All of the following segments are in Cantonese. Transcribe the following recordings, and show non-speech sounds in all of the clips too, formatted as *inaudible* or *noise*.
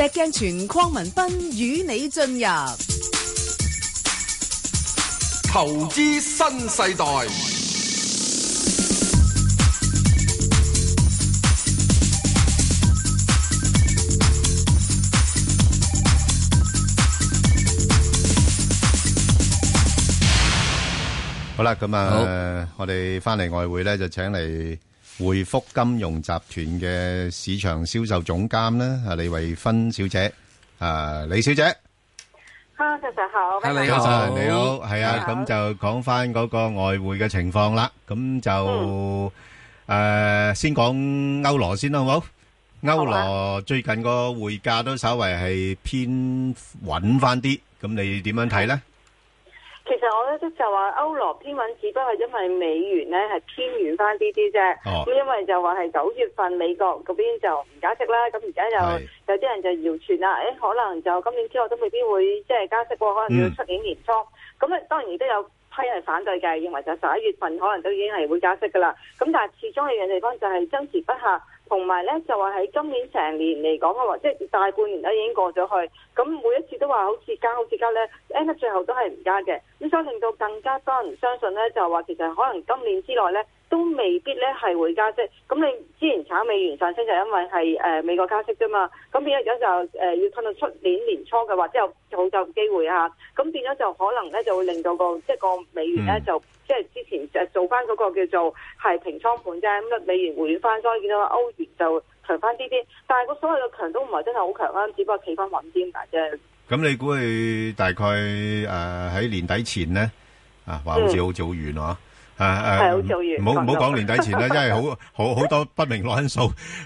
石鏡泉鄺文斌與你進入投資新世代。好啦，咁啊，呃，我哋翻嚟外匯咧，就請嚟。匯福金融集團嘅市場銷售總監咧，阿李慧芬小姐，啊李小姐，哈，早上好，你好，早晨，你好，係啊，咁就講翻嗰個外匯嘅情況啦。咁就誒，先講歐羅先，好唔好？歐羅最近個匯價都稍為係偏穩翻啲，咁你點樣睇咧？其實我覺得就話歐羅偏穩，只不過因為美元咧係偏軟翻啲啲啫。咁、哦、因為就話係九月份美國嗰邊就唔加息啦，咁而家就有啲人就謠傳啦，誒、欸、可能就今年之後都未必會即係加息，可能要出年年初。咁、嗯、咧當然亦都有批人反對嘅，認為就十一月份可能都已經係會加息噶啦。咁但係始終有樣地方就係爭持不下。同埋咧，就話喺今年成年嚟講嘅話，即係大半年都已經過咗去。咁，每一次都話好似加好似加咧 n 得最後都係唔加嘅。咁所以令到更加多人相信咧，就話其實可能今年之內咧，都未必咧，係會加息，咁你之前炒美元上升就因為係誒、呃、美國加息啫嘛，咁變咗有時候誒要等到出年年初嘅話，之後好就機、是、會吓、啊，咁變咗就可能咧就會令到個即係個美元咧就即係之前就做翻嗰個叫做係平倉盤啫，咁、嗯、美元回軟翻，所以見到歐元就強翻啲啲，但係個所謂嘅強都唔係真係好強啦，只不過企翻穩啲咁解啫。咁、嗯、你估佢大概誒喺、呃、年底前咧，啊，話好似好早完咯、啊。嗯係，係，唔好唔好講年底前啦，因為好好好多不明朗因素。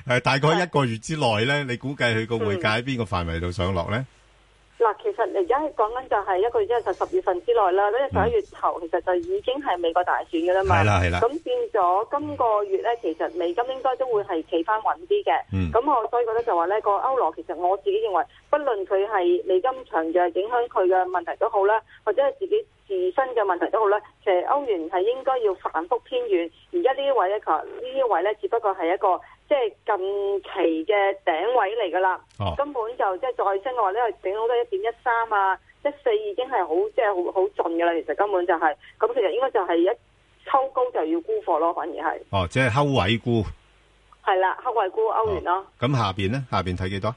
誒，大概一個月之內咧，你估計佢個匯價喺邊個範圍度上落咧？嗱，其實而家講緊就係一個月即係十月份之內啦。呢十一月頭其實就已經係美國大選噶啦嘛。係啦，係啦。咁變咗今個月咧，其實美金應該都會係企翻穩啲嘅。嗯。咁我所以覺得就話咧，個歐羅其實我自己認為，不論佢係美金長嘅影響佢嘅問題都好啦，或者係自己。自身嘅問題都好咧，其實歐元係應該要反覆偏軟，而家呢一位咧，佢呢一位咧，只不過係一個即係近期嘅頂位嚟噶啦，根本就即係再升嘅話，呢個頂好多一點一三啊，一四已經係好即係好好盡噶啦，其實根本就係、是，咁其實應該就係一抽高就要沽貨咯，反而係哦，即係收位沽，係啦，收位沽歐元咯。咁、哦、下邊咧，下邊睇幾多少？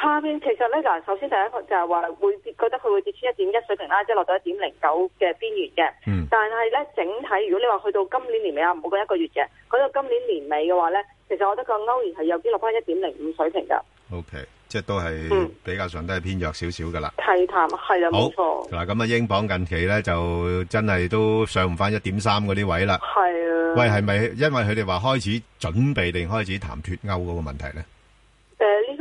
下面其實咧嗱，首先第一個就係話會覺得佢會跌穿一點一水平啦，即係落到一點零九嘅邊緣嘅。嗯。但係咧整體，如果你話去到今年年尾啊，冇過一個月嘅，咁到今年年尾嘅話咧，其實我覺得個歐元係有啲落翻一點零五水平噶。OK，即係都係，嗯，比較上都係偏弱少少噶啦。提談係啊，冇錯。嗱，咁啊，英鎊近期咧就真係都上唔翻一點三嗰啲位啦。係啊。喂，係咪因為佢哋話開始準備定開始談脱歐嗰個問題咧？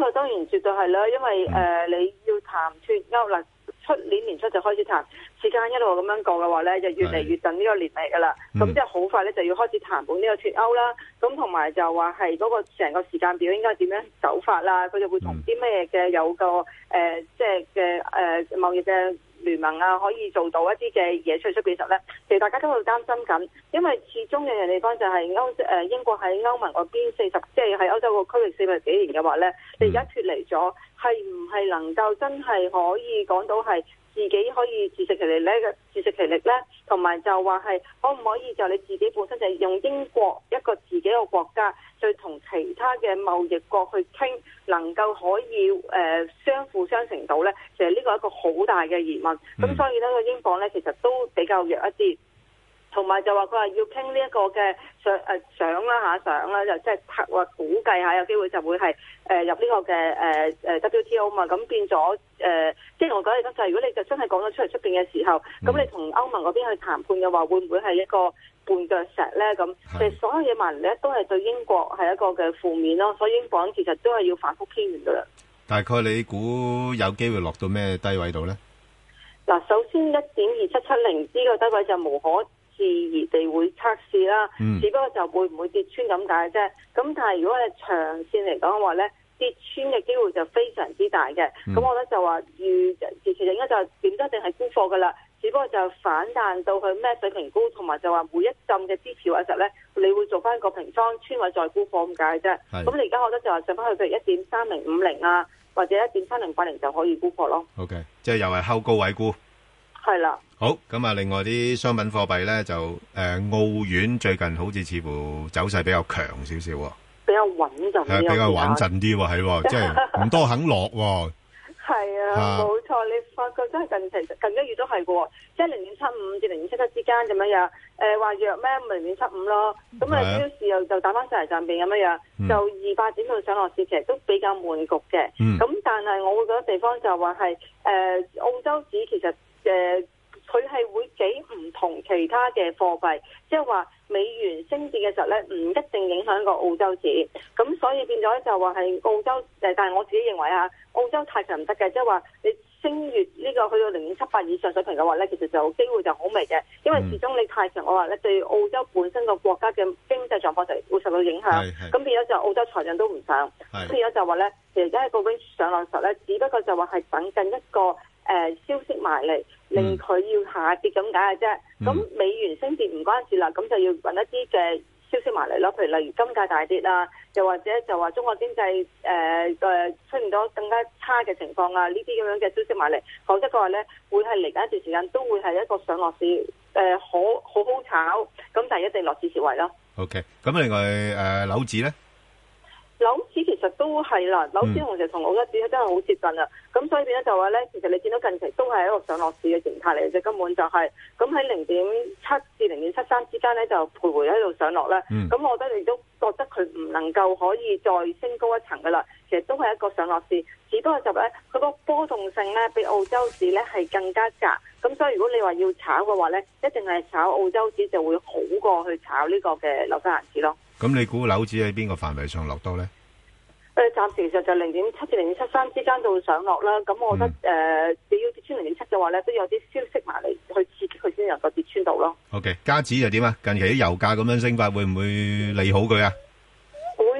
咁當然絕對係啦，因為誒、嗯呃、你要談脱歐嗱，出年年初就開始談，時間一路咁樣過嘅話咧，就越嚟越近呢個年尾噶啦，咁、嗯、即係好快咧就要開始談判呢個脱歐啦，咁同埋就話係嗰個成個時間表應該點樣走法啦，佢就會同啲咩嘅有個誒、嗯呃、即係嘅誒貿易嘅。聯盟啊，可以做到一啲嘅嘢退出表實咧。其實大家都會擔心緊，因為始終有人哋講就係歐誒、呃、英國喺歐盟嗰邊四十，即係喺歐洲個區域四十幾年嘅話咧，你而家脱離咗，係唔係能夠真係可以講到係？自己可以自食其力呢，自食其力呢，同埋就話係可唔可以就你自己本身就用英國一個自己個國家，去同其他嘅貿易國去傾，能夠可以誒、呃、相輔相成到呢？其實呢個係一個好大嘅疑問。咁所以呢，個英鎊呢其實都比較弱一啲。同埋就話佢話要傾呢一個嘅，想誒啦吓想啦，就即係或估計下，有機會就會係誒、呃、入呢個嘅誒誒 WTO 嘛，咁變咗誒即係我覺得就係、是、如果你就真係講到出嚟，出邊嘅時候，咁、嗯、你同歐盟嗰邊去談判嘅話，會唔會係一個絆腳石咧？咁所有嘢埋呢，咧都係對英國係一個嘅負面咯，所以英鎊其實都係要反覆邊完噶啦。大概你估有機會落到咩低位度咧？嗱，首先一點二七七零呢個低位就無可。而地自然會測試啦，只不過就會唔會跌穿咁解啫。咁但係如果你長線嚟講嘅話咧，跌穿嘅機會就非常之大嘅。咁、嗯、我覺得就話預，其實應該就點都一定係沽貨噶啦。只不過就反彈到去咩水平估，同埋就話每一浸嘅支持位實咧，你會做翻個平方穿位再沽貨咁解啫。咁你而家我覺得就話上翻去譬如一點三零五零啊，或者一點三零八零就可以沽貨咯。OK，即係又係後高位估。係啦，好咁啊！另外啲商品貨幣咧就誒、呃、澳元最近好似似乎走勢比較強少少，比較穩陣，係比較穩陣啲喎，係即係唔多肯落、哦。係啊，冇錯、啊，你發覺真係近近近一月都係嘅，即係零點七五至零點七七之間咁樣樣。誒、呃、話弱咩？咪零點七五咯。咁啊，啲市又就打翻上嚟上邊咁樣樣，嗯、就二八點到上落市其實都比較悶局嘅。咁、嗯、但係我會覺得地方就話係誒澳洲紙其實。誒，佢係會幾唔同其他嘅貨幣，即係話美元升跌嘅時候咧，唔一定影響個澳洲市。咁所以變咗就話係澳洲誒，但係我自己認為啊，澳洲太強唔得嘅，即係話你升越呢個去到零點七八以上水平嘅話咧，其實就機會就好微嘅。因為始終你太強，嘅話咧對澳洲本身個國家嘅經濟狀況就會受到影響。咁、嗯、變咗就澳洲財政都唔想。咁變咗就話咧，而家個匯率上落實咧，只不過就話係等緊一個。誒，消息埋嚟令佢要下跌咁解嘅啫。咁、嗯、美元升跌唔關事啦，咁就要搵一啲嘅消息埋嚟咯。譬如例如金價大跌啊，又或者就話中國經濟誒誒出現咗更加差嘅情況啊，呢啲咁樣嘅消息埋嚟，否則嘅話咧，會係嚟緊一段時間都會係一個上落市誒、呃，好好好炒，咁但係一定落市設圍咯。OK，咁另外誒，樓指咧？樓市其實都係啦，樓市同時同澳洲市真係好接近啦，咁、嗯、所以變咗就話呢，其實你見到近期都係一個上落市嘅形態嚟嘅，根本就係咁喺零點七至零點七三之間呢，就徘徊喺度上落啦。咁、嗯、我覺得你都覺得佢唔能夠可以再升高一層噶啦，其實都係一個上落市。只不過就話呢，佢個波動性呢，比澳洲市呢係更加窄。咁所以如果你話要炒嘅話呢，一定係炒澳洲市就會好過去炒呢個嘅紐西蘭市咯。咁你估樓指喺邊個範圍上落到咧？誒、呃，暫時就就零點七至零點七三之間度上落啦。咁我覺得誒，嗯呃、你要跌穿零點七嘅話咧，都有啲消息埋嚟去刺激佢先能夠跌穿到咯。O K. 加指又點啊？近期啲油價咁樣升法，會唔會利好佢啊？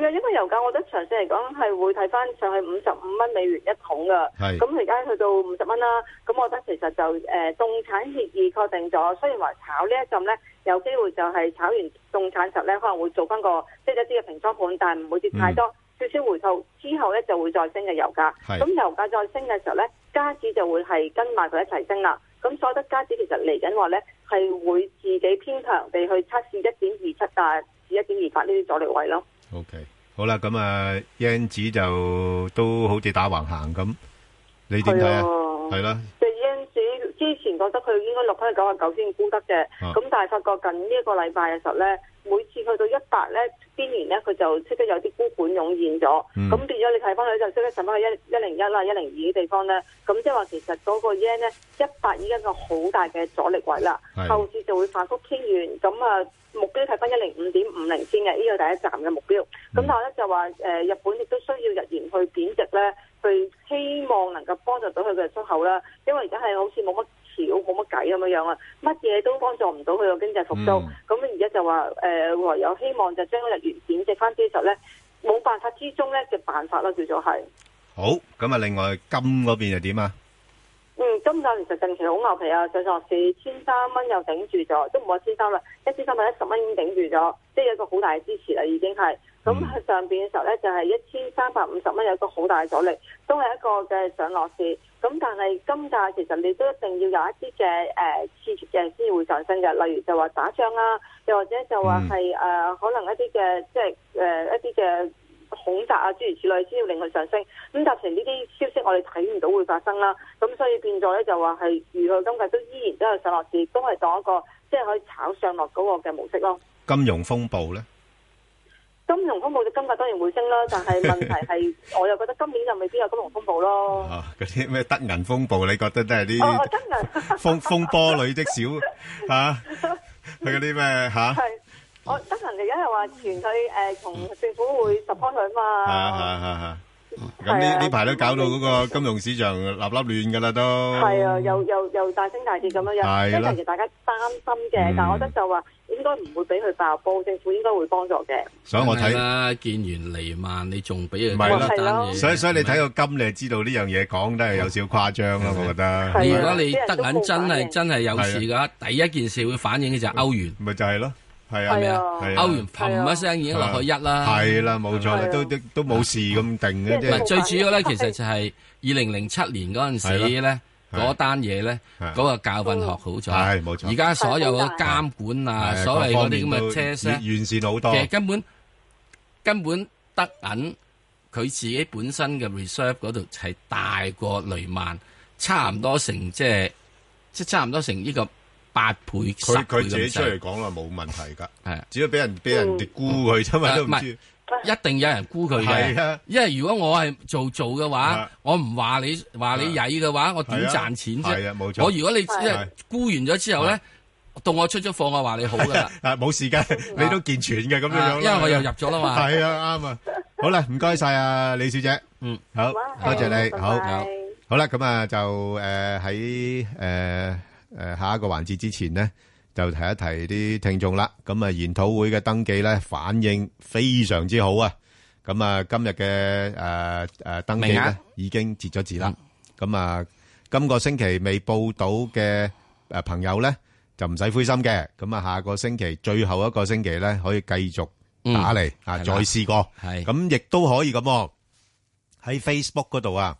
因為油價，我覺得長線嚟講係會睇翻上去五十五蚊美元一桶噶，咁而家去到五十蚊啦。咁我覺得其實就誒凍、呃、產協議確定咗，雖然話炒一呢一陣咧，有機會就係炒完凍產時候咧，可能會做翻個即係一啲嘅平倉盤，但唔會跌太多，嗯、少少回吐之後咧就會再升嘅油價。咁油價再升嘅時候咧，加指就會係跟埋佢一齊升啦。咁所得加指其實嚟緊話咧係會自己偏強地去測試一點二七但係至一點二八呢啲阻力位咯。OK，好啦，咁啊，英子就都好似打橫行咁，你點睇啊？係啦、啊，即係、啊、英子之前覺得佢應該落翻去九啊九先估得嘅，咁但係發覺近呢一個禮拜嘅時候咧，每次去到一百咧邊年咧，佢就即刻有啲沽盤湧現咗，咁、嗯、變咗你睇翻佢就即刻上翻去一一零一啦、一零二嘅地方咧，咁即係話其實嗰個 yen 咧一百已經個好大嘅阻力位啦，後市就會反覆偏軟，咁啊目標睇翻一零五點五零先嘅呢、這個第一站嘅目標，咁但係咧就話誒、呃、日本亦都需要日元去貶值咧，去希望能夠幫助到佢嘅出口啦，因為而家係好似冇乜。冇乜計咁樣樣啊，乜嘢都幫助唔到佢個經濟復蘇。咁而家就話誒、呃，唯有希望就將日元貶值翻啲實咧，冇辦法之中咧嘅辦法啦，叫做係。好，咁啊，另外金嗰邊又點啊？嗯，金就其實近期好牛皮啊，上上四千三蚊又頂住咗，都唔係千三啦，一千三百一十蚊已經頂住咗，即係一個好大嘅支持啦，已經係。咁、嗯、佢上邊嘅時候咧，就係一千三百五十蚊，有一個好大阻力，都係一個嘅上落市。咁但係金價其實你都一定要有一啲嘅誒刺激嘅先會上升嘅，例如就話打仗啦，又或者就話係誒可能一啲嘅即係誒、呃、一啲嘅恐襲啊諸如此類，先令佢上升。咁搭成呢啲消息我哋睇唔到會發生啦。咁所以變咗咧就話係如果金價都依然都有上落市，都係當一個即係、就是、可以炒上落嗰個嘅模式咯。金融風暴咧？金融風暴就今日當然回升啦，但係問題係， *laughs* 我又覺得今年就未必有金融風暴咯。哦，嗰啲咩德銀風暴，你覺得都係啲哦，德銀 *laughs* 風，風波裏的小嚇，佢嗰啲咩嚇？係、 *laughs* 啊啊，我德銀而家係話傳佢誒同政府會 support 佢嘛？啊啊啊啊咁呢呢排都搞到嗰個金融市場立立亂噶啦都，係啊，又又又大升大跌咁樣樣，係突然大家擔心嘅、嗯，但係我覺得就話應該唔會俾佢爆煲，政府應該會幫助嘅、啊啊。所以，我睇啦，見完離萬，你仲俾佢唔係啦，所以所以你睇個金，你就知道呢樣嘢講得係有少誇張啦，我覺得。啊啊啊啊啊、如果你得緊真係真係有事嘅話、啊，第一件事會反映嘅就係歐元，咪、啊、就係、是、咯、啊。係啊，係啊，歐元嘭一聲已經落去一啦，係啦，冇錯啦，都都都冇事咁定嘅即係。唔係最主要咧，其實就係二零零七年嗰陣時咧，嗰單嘢咧，嗰個教訓學好咗。係冇錯。而家所有嘅監管啊，所謂嗰啲咁嘅車商，完善好多。其實根本根本德銀佢自己本身嘅 reserve 嗰度係大過雷曼，差唔多成即係即係差唔多成呢個。八倍佢佢自己出嚟講啦，冇問題噶，係、 *laughs* 啊、只要俾人俾、嗯、人哋沽佢，因為唔係一定有人沽佢，係啊，因為如果我係做做嘅話，啊、我唔話你話你曳嘅話，我點賺錢啫？係啊，冇錯、啊。我如果你即係沽完咗之後咧、啊，到我出咗貨，我話你好噶冇、啊、事噶、啊，你都健全嘅咁樣樣。因為我又入咗啦嘛，係啊，啱 *laughs* 啊,啊。好啦，唔該晒啊，李小姐，嗯，好，bye, 多謝你，bye, 好, bye. 好，好啦，咁啊就誒喺誒。呃誒，下一個環節之前咧，就提一提啲聽眾啦。咁啊，研討會嘅登記咧，反應非常之好啊。咁啊，今日嘅誒誒登記咧已經截咗止啦。咁啊，今個星期未報到嘅誒朋友咧，就唔使灰心嘅。咁啊，下個星期最後一個星期咧，可以繼續打嚟啊，再試過。係咁，亦都可以咁喎。喺 Facebook 嗰度啊，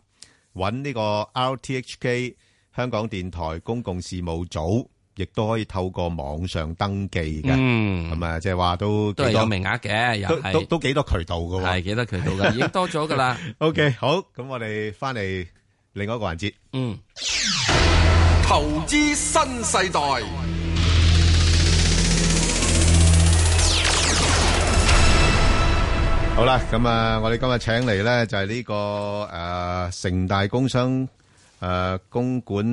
揾呢個 RTHK。香港電台公共事務組亦都可以透過網上登記嘅，咁啊，即係話都都有名額嘅，都都幾多渠道嘅，係幾多渠道嘅，已經多咗噶啦。OK，好，咁我哋翻嚟另外一個環節。嗯，投資新世代。好啦，咁啊，我哋今日請嚟咧就係呢個誒，城大工商。誒、呃，工管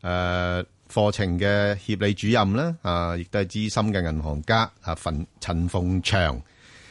誒課程嘅協理主任咧，啊、呃，亦都係資深嘅銀行家啊，陳、呃、鳳翔，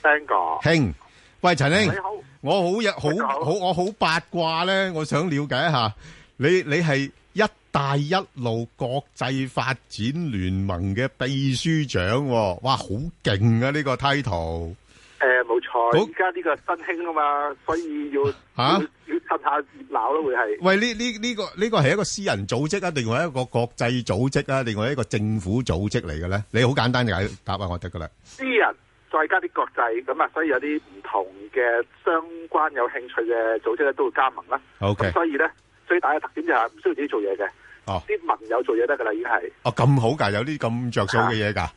聽過兄，喂，陳兄，你好，我好有好好，好，我好八卦咧，我想了解一下你，你係一帶一路國際發展聯盟嘅秘書長、哦，哇，好勁啊！呢、這個 title？誒、呃，冇錯，而家呢個新興啊嘛，所以要吓、啊、要，要趁下熱鬧咯。會係喂，呢呢呢個呢個係一個私人組織啊，定係一個國際組織啊，定係一個政府組織嚟嘅咧？你好簡單案就係答翻我得噶啦，私人再加啲國際，咁啊，所以有啲唔同嘅相關有興趣嘅組織咧，都會加盟啦、啊。O、okay. K，所以咧最大嘅特點就係唔需要自己做嘢嘅，哦，啲盟友做嘢得噶啦，已經係哦咁好噶，有啲咁着數嘅嘢噶。啊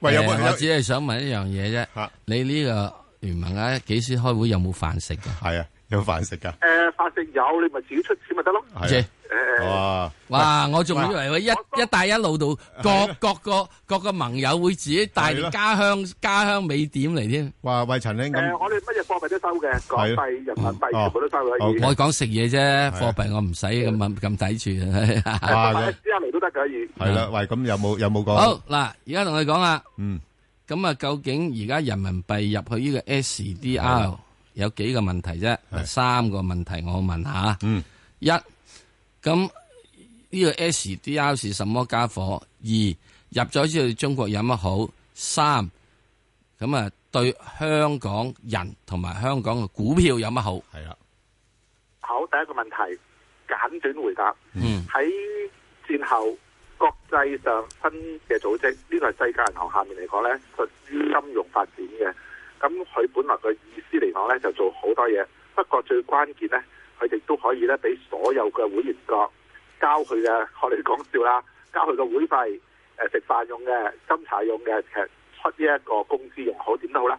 喂，有，有、呃、我只係想問一樣嘢啫。你呢個聯盟啊，幾時開會有冇飯食噶？係啊，係有飯食噶。誒、呃，飯食有，你咪自己出錢咪得咯。哇哇！我仲以為一一帶一路度各各個各個盟友會自己帶啲家鄉家鄉美點嚟添。哇！喂，陳兄，誒，我哋乜嘢貨幣都收嘅，港幣、人民幣全部都收，可以。我講食嘢啫，貨幣我唔使咁咁抵住。啊，支卡嚟都得噶，可以。係啦，喂，咁有冇有冇講？好嗱，而家同你講啊。嗯。咁啊，究竟而家人民幣入去呢個 SDR 有幾個問題啫？三個問題我問下。嗯。一咁呢個 SDR 是什麼家伙？二入咗之後，中國有乜好？三咁啊，對香港人同埋香港嘅股票有乜好？係啦，好第一個問題，簡短回答。嗯，喺戰後國際上的新嘅組織，呢個係世界銀行下面嚟講呢，屬於金融發展嘅。咁佢本來個意思嚟講呢，就做好多嘢，不過最關鍵呢。佢哋都可以咧，俾所有嘅會員國交佢嘅，我哋講笑啦，交佢嘅會費，食飯用嘅、斟茶用嘅，其實出呢一個工資用好點都好啦。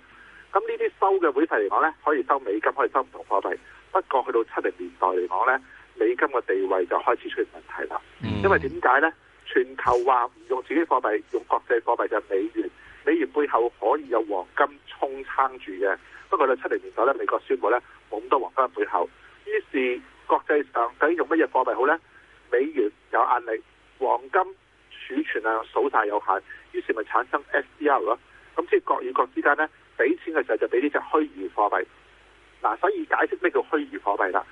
咁呢啲收嘅會費嚟講咧，可以收美金，可以收唔同貨幣。不過去到七零年代嚟講咧，美金嘅地位就開始出現問題啦。Mm. 因為點解咧？全球話唔用自己貨幣，用國際貨幣就係美元。美元背後可以有黃金沖撐住嘅。不過咧，七零年代咧，美國宣布咧冇咁多黃金喺背後。於是國際上究竟用乜嘢貨幣好呢？美元有壓力，黃金儲存量數晒有限，於是咪產生 SDR 咯。咁即係國與國之間呢，俾錢嘅時候就俾呢隻虛擬貨幣。嗱，所以解釋咩叫虛擬貨幣啦？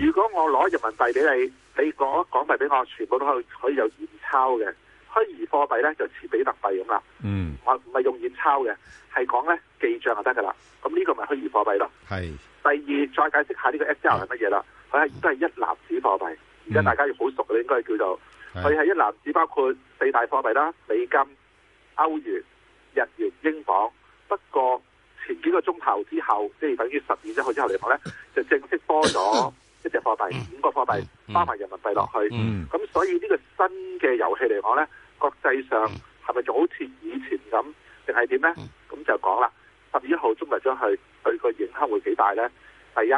如果我攞人民幣俾你，你攞港幣俾我，全部都可以可以有現鈔嘅。虛擬貨幣呢就似比特幣咁啦。嗯，我唔係用現鈔嘅，係講呢記賬就得噶啦。咁呢個咪虛擬貨幣咯？係。第二，再解釋下呢個 SDR 係乜嘢啦？佢係都係一籃子貨幣，而家大家要好熟嘅、嗯，應該叫做佢係一籃子，包括四大貨幣啦，美金、歐元、日元、英鎊。不過前幾個鐘頭之後，即、就、係、是、等於十二一號之後嚟講呢，就正式多咗一隻貨幣、嗯，五個貨幣包埋人民幣落去。咁、嗯、所以呢個新嘅遊戲嚟講呢，國際上係咪就好似以前咁，定係點呢？咁就講啦，十二一號入日將去。佢個影響會幾大呢？第一，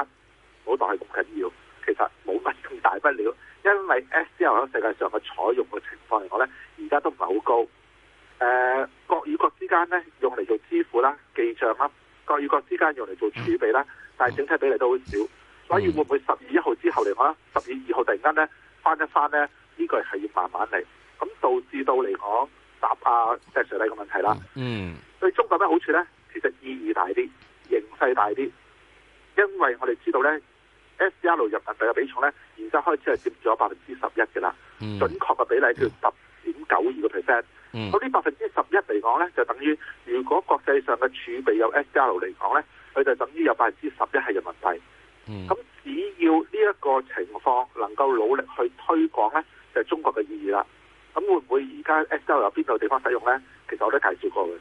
冇當係咁緊要，其實冇乜咁大不了，因為 SDR 喺世界上嘅採用嘅情況嚟講呢，而家都唔係好高。誒、呃，國與國之間呢，用嚟做支付啦、記賬啦，國與國之間用嚟做儲備啦，嗯、但係整體比例都好少。所以會唔會十二月一號之後嚟講，十二月二號突然間呢，翻一翻呢，呢、這個係要慢慢嚟，咁導致到嚟講答啊 Tessie 個問題啦。嗯，對中國咩好處呢，其實意義大啲。形勢大啲，因為我哋知道呢 S D R 入人民幣嘅比重呢，而家開始係佔咗百分之十一嘅啦。準確嘅比例叫十點九二個 percent。咁呢百分之十一嚟講呢，就等於如果國際上嘅儲備有 S D R 嚟講呢，佢就等於有百分之十一係人民幣。咁、嗯、只要呢一個情況能夠努力去推廣呢，就係、是、中國嘅意義啦。咁會唔會而家 S D R 有邊度地方使用呢？其實我都介紹過嘅，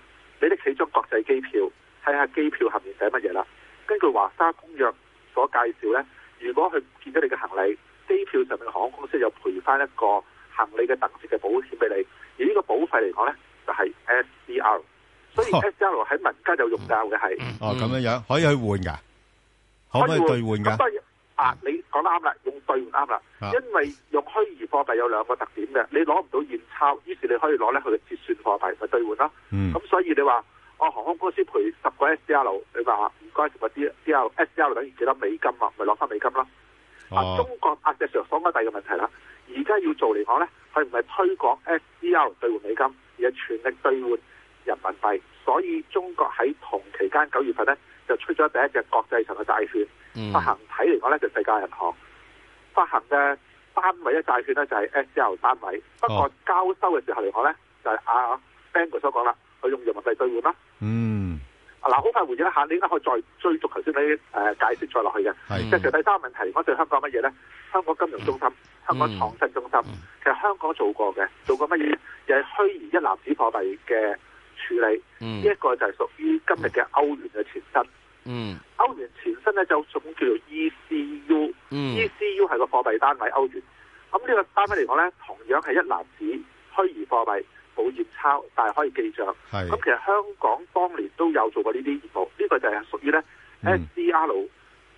你拎起張國際機票。睇下機票後面寫乜嘢啦？根據華沙公約所介紹呢，如果佢唔見到你嘅行李，機票上面航空公司又賠翻一個行李嘅等值嘅保險畀你。而呢個保費嚟講呢，就係、是、SDR。所以 SDR 喺民間就用㗎，我係哦咁、哦、樣樣可以去換㗎，可唔可以兌換㗎、嗯？啊，你講得啱啦，用換對唔啱啦，因為用虛擬貨幣有兩個特點嘅，你攞唔到現鈔，於是你可以攞呢佢嘅折算貨幣去兌換啦。咁、嗯、所以你話。我航空公司賠十個 SDR，你話唔該，十個 SDR，SDR 等於幾多美金啊？咪攞翻美金啦！啊、哦，中國國際上所邊大嘅問題啦，而家要做嚟講咧，佢唔係推廣 SDR 兌換美金，而係全力兌換人民幣？所以中國喺同期間九月份咧，就出咗第一隻國際上嘅債券發行體嚟講咧，就是、世界銀行發行嘅單位嘅債券咧就係 SDR 單位，不過交收嘅時候嚟講咧，就係阿 Ben 哥所講啦，佢用人民幣兌換啦。嗯，嗱、啊，好快回應一下，你應該可以再追續頭先啲解釋再落去嘅。即係第三個問題，我對香港乜嘢咧？香港金融中心，嗯、香港創新中心、嗯，其實香港做過嘅，做過乜嘢？又係虛擬一籃子貨幣嘅處理。嗯，一、這個就係屬於今日嘅歐元嘅前身。嗯，歐元前身咧就一叫做 ECU, 嗯 ECU。嗯，ECU 係個貨幣單位歐元。咁、這、呢個單位嚟講咧，同樣係一籃子虛擬貨幣。冇業鈔，但係可以記帳。咁其實香港當年都有做過呢啲業務，呢、這個就係屬於呢 SDR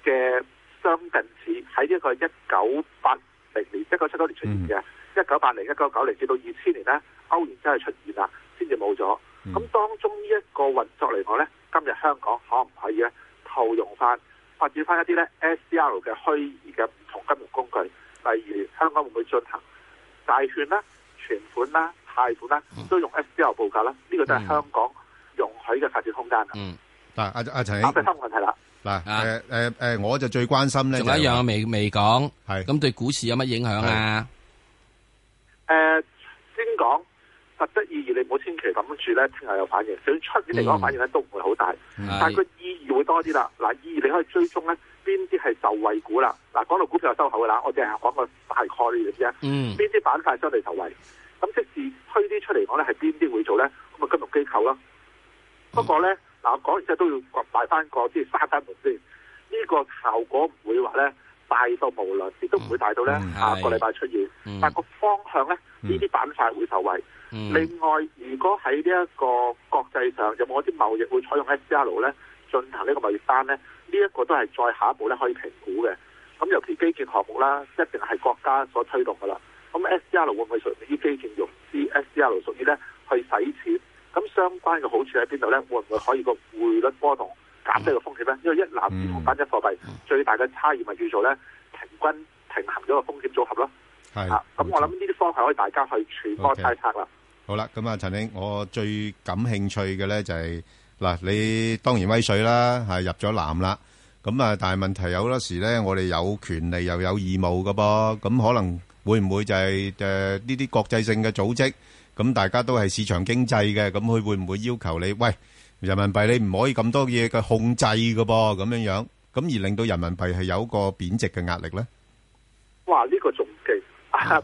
嘅相近似，喺呢一個一九八零年、一九七九年出現嘅，一九八零、一九九零至到二千年呢，歐元真係出現啦，先至冇咗。咁、嗯、當中呢一個運作嚟講呢，今日香港可唔可以咧套用翻發展翻一啲呢 SDR 嘅虛擬嘅唔同金融工具，例如香港會唔會進行債券啦、存款啦？貸款咧都用 SDR 報價啦，呢、這個就係香港容許嘅發展空間啊！嗱，阿阿陳兄，啊，啊啊問題啦。嗱、啊，誒、啊、誒、啊、我就最關心咧。仲有一樣未未講，係咁對股市有乜影響啊？誒、啊，先講實質意義，你唔好千祈諗住咧，聽日有反應。就算出面嚟講反應咧，都唔會好大。嗯、但係佢意義會多啲啦。嗱，意義你可以追蹤咧，邊啲係受惠股啦？嗱，講到股票收口啦，我淨係講個大概嘅啫。嗯，邊啲板塊出嚟受惠？咁即時推啲出嚟講咧，係邊啲會做咧？咁啊，金融機構啦。不過咧，嗱講完之後都要擺翻個即係沙返門先。呢、呢個效果唔會話咧大到無論，亦都唔會大到咧下個禮拜出現。嗯、但個方向咧，呢、嗯、啲板塊會受惠。嗯、另外，如果喺呢一個國際上有冇啲貿易會採用 SDR 咧進行呢個貿易單咧？呢、呢、一個都係再下一步咧可以評估嘅。咁尤其基建項目啦，一定係國家所推動噶啦。咁 S D R 會唔會屬於基建融資？S D R 屬於咧去洗錢，咁相關嘅好處喺邊度咧？會唔會可以個匯率波動減低個風險咧，嗯？因為一籃子同單一貨幣最大嘅差異咪叫做咧平均平衡咗個風險組合咯。係啊，咁我諗呢啲方法可以大家去揣摩猜測啦。好啦，咁啊，陳兄，我最感興趣嘅咧就係、是、嗱，你當然威水啦，係入咗籃啦。咁啊，但係問題有好多時咧，我哋有權利又有義務噶噃，咁可能。會唔會就係誒呢啲國際性嘅組織咁大家都係市場經濟嘅咁佢會唔會要求你喂人民幣你唔可以咁多嘢嘅控制噶噃咁樣樣咁而令到人民幣係有一個貶值嘅壓力咧？哇！呢個仲記，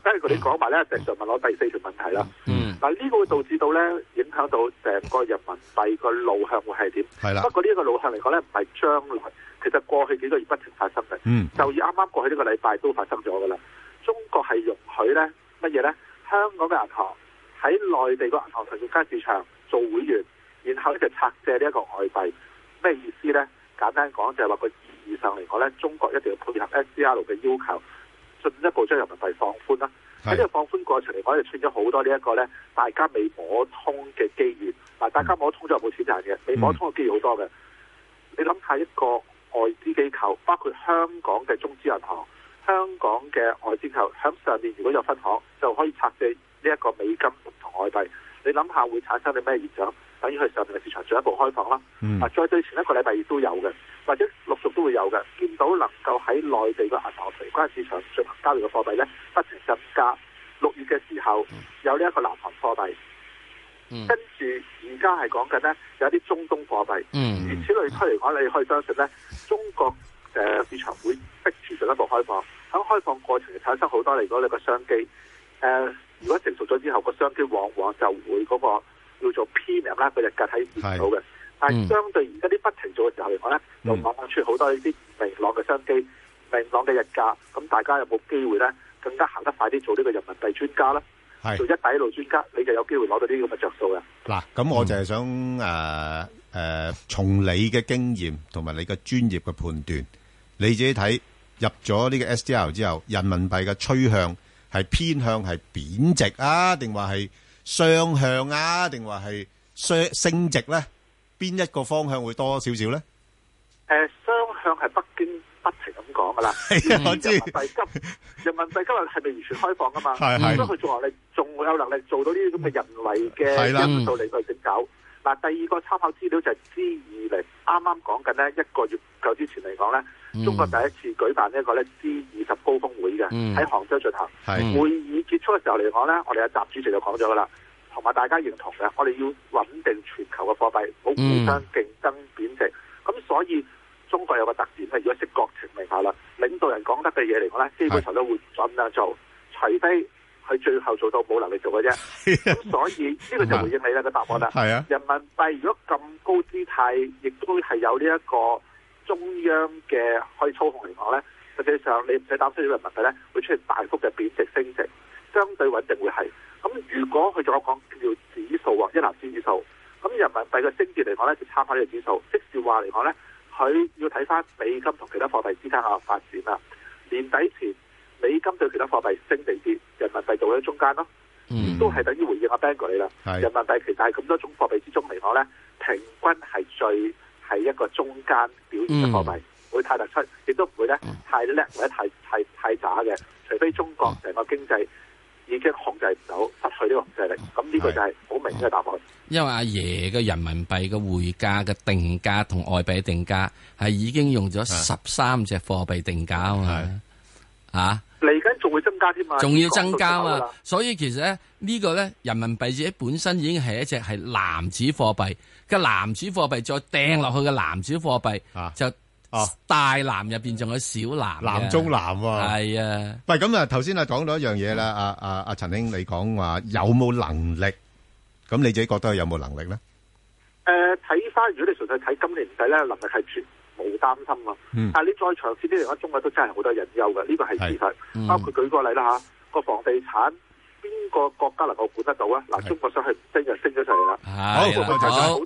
跟住佢哋講埋咧，就係問我第四條問題啦。嗯，嗱呢個會導致到咧，影響到成個人民幣個路向會係點？係啦。不過呢個路向嚟講咧，唔係將來，其實過去幾個月不停發生嘅。嗯，就以啱啱過去呢個禮拜都發生咗噶啦。中國係容許呢乜嘢呢？香港嘅銀行喺內地個銀行同業街市場做會員，然後咧就拆借呢一個外幣。咩意思呢？簡單講就係話個意義上嚟講呢，中國一定要配合 SDR 嘅要求，進一步將人民幣放寬啦。喺呢個放寬過程嚟講，就出現咗好多呢一個呢大家未摸通嘅機遇。嗱，大家摸通咗就冇錢賺嘅，未摸通嘅機遇好多嘅、嗯。你諗下一個外資機構，包括香港嘅中資銀行。香港嘅外資頭喺上面如果有分行，就可以拆借呢一個美金同外幣。你諗下會產生啲咩現象？等於去上面嘅市場進一步開放啦。嗱、嗯啊，再對前一個禮拜亦都有嘅，或者陸續都會有嘅。見到能夠喺內地個銀行、相關市場進行交易嘅貨幣呢，不斷增加。六月嘅時候有呢一個南韓貨幣，嗯、跟住而家係講緊呢，有啲中東貨幣，如、嗯、此類推嚟講，你可以相信呢中國嘅市場會，進一步開放，喺開放過程產生好多嚟講，你個商機。誒、呃，如果成熟咗之後，個商機往往就會嗰個叫做 P 入啦，個日價喺跌到嘅。但係相對而家啲不停做嘅時候嚟講咧，往、嗯、往出好多呢啲明朗嘅商機、明朗嘅日價。咁大家有冇機會咧，更加行得快啲做呢個人民幣專家啦？係做一帶一路專家，你就有機會攞到啲咁嘅着數嘅。嗱，咁我就係想誒誒、嗯呃呃，從你嘅經驗同埋你嘅專業嘅判斷，你自己睇。入咗呢個 SDR 之後，人民幣嘅趨向係偏向係貶值啊，定話係雙向啊，定話係升升值咧？邊一個方向會多少少咧？誒、呃，雙向係北京不停咁講噶啦。係啊，我知。人民幣今 *laughs* 人民幣今日係咪完全開放噶嘛？係係。咁佢仲有能力，仲有能力做到呢啲咁嘅人為嘅因素嚟去整搞。嗱，第二個參考資料就係 G20，啱啱講緊咧，一個月久之前嚟講咧。嗯、中國第一次舉辦呢一個咧 G 二十高峰會嘅，喺、嗯、杭州進行、嗯。會議結束嘅時候嚟講呢，我哋阿習主席就講咗噶啦，同埋大家認同嘅，我哋要穩定全球嘅貨幣，唔好互相競爭貶值。咁、嗯、所以中國有個特點，係如果識國情嚟話啦，領導人講得嘅嘢嚟講呢，基本上都會盡量做，除非佢最後做到冇能力做嘅啫。咁所以呢、呢個就回應你啦、呢個答案啦。係啊，人民幣如果咁高姿態，亦都係有呢、呢、一個。中央嘅可以操控嚟講呢，實際上你唔使擔心人民幣呢會出現大幅嘅貶值升值，相對穩定會係。咁如果佢仲有講叫指數喎，一籃子指數，咁人民幣嘅升跌嚟講呢，就參考呢個指數。即是話嚟講呢，佢要睇翻美金同其他貨幣之間嘅發展啦。年底前美金對其他貨幣升跌，人民幣做喺中間咯，嗯、都係等於回應阿 Bank 嚟啦。人民幣其實係咁多種貨幣之中嚟講呢，平均係最。係一個中間表現嘅貨幣，唔會太突出，亦都唔會咧太叻或者太係太渣嘅，除非中國成個經濟已經控制唔到，失去呢個控制力，咁呢個就係好明顯嘅答案。因為阿爺嘅人民幣嘅匯價嘅定價同外幣定價係已經用咗十三隻貨幣定價啊嘛，吓。仲會增加添嘛？仲要增加嘛？所以其實咧呢個咧人民幣自己本身已經係一隻係籃子貨幣嘅籃子貨幣再掟落去嘅籃子貨幣，就大籃入邊仲有小籃，籃中籃啊！係啊，喂咁啊，頭先啊講到一樣嘢啦，阿阿阿陳兄，你講話，有冇能力？咁你自己覺得有冇能力咧？誒，睇翻如果你純粹睇今年底咧，能力係全。好擔心啊，但係你再詳細啲嚟講，中國都真係好多隱憂嘅，呢個係事實。包括舉個例啦嚇，個房地產邊個國家能夠管得到啊？嗱，中國真係即係升咗上嚟啦。好，